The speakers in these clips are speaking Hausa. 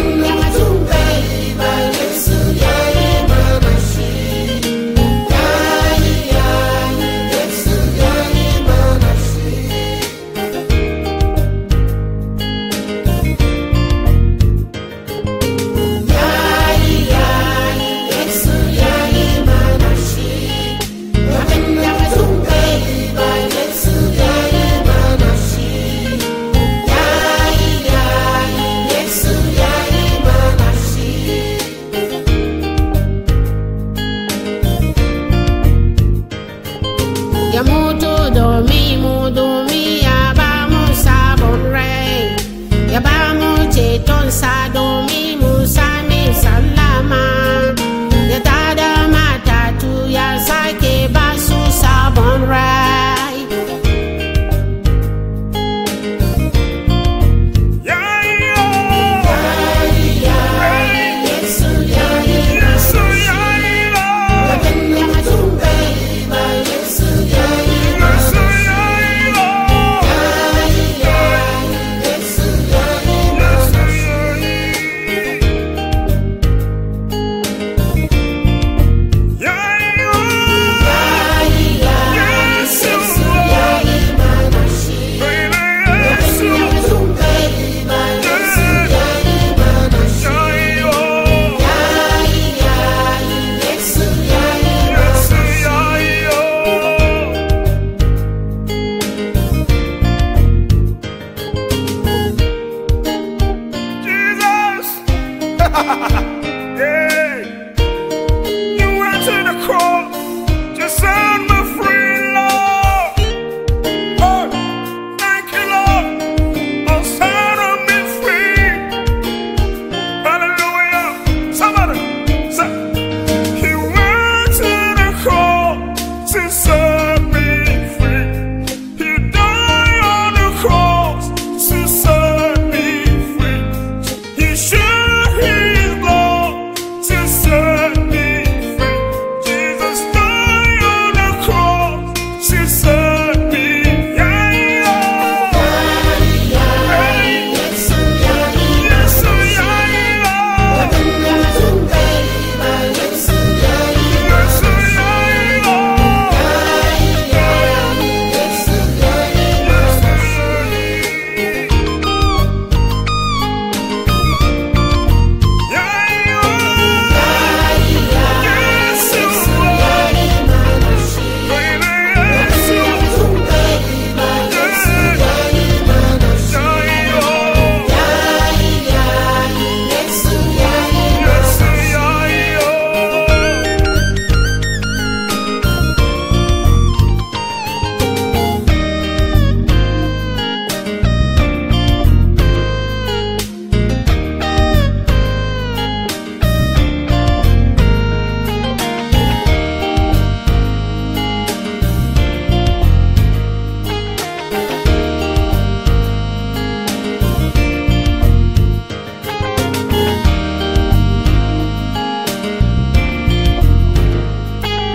Thank you. yamutu domi mudumi ya bamu sabon rai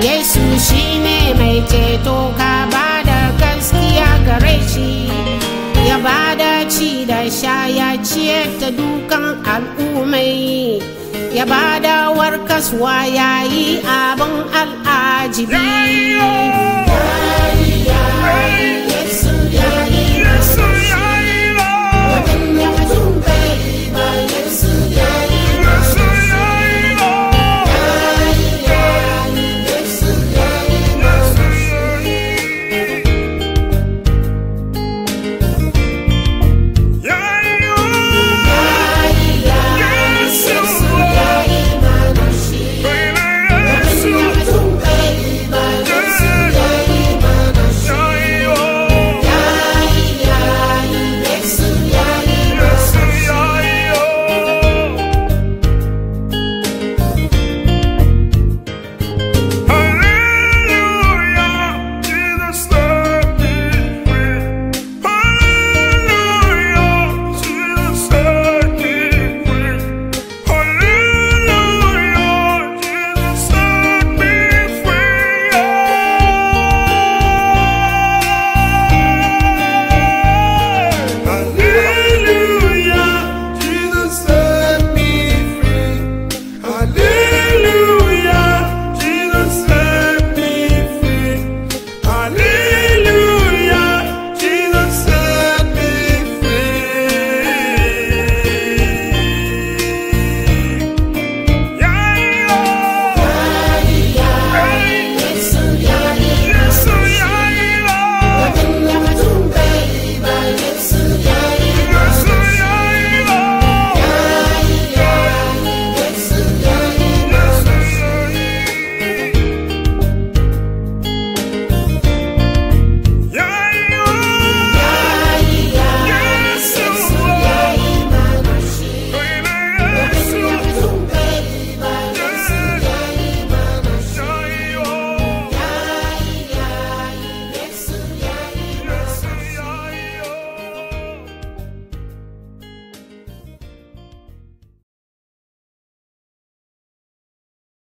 yesu shine mai ceto ka ba da gaskiya gare shi ya ba da ci da sha ya ciyar da dukan al'ummai ya ba da warkaswa ya yi abin al'ajibi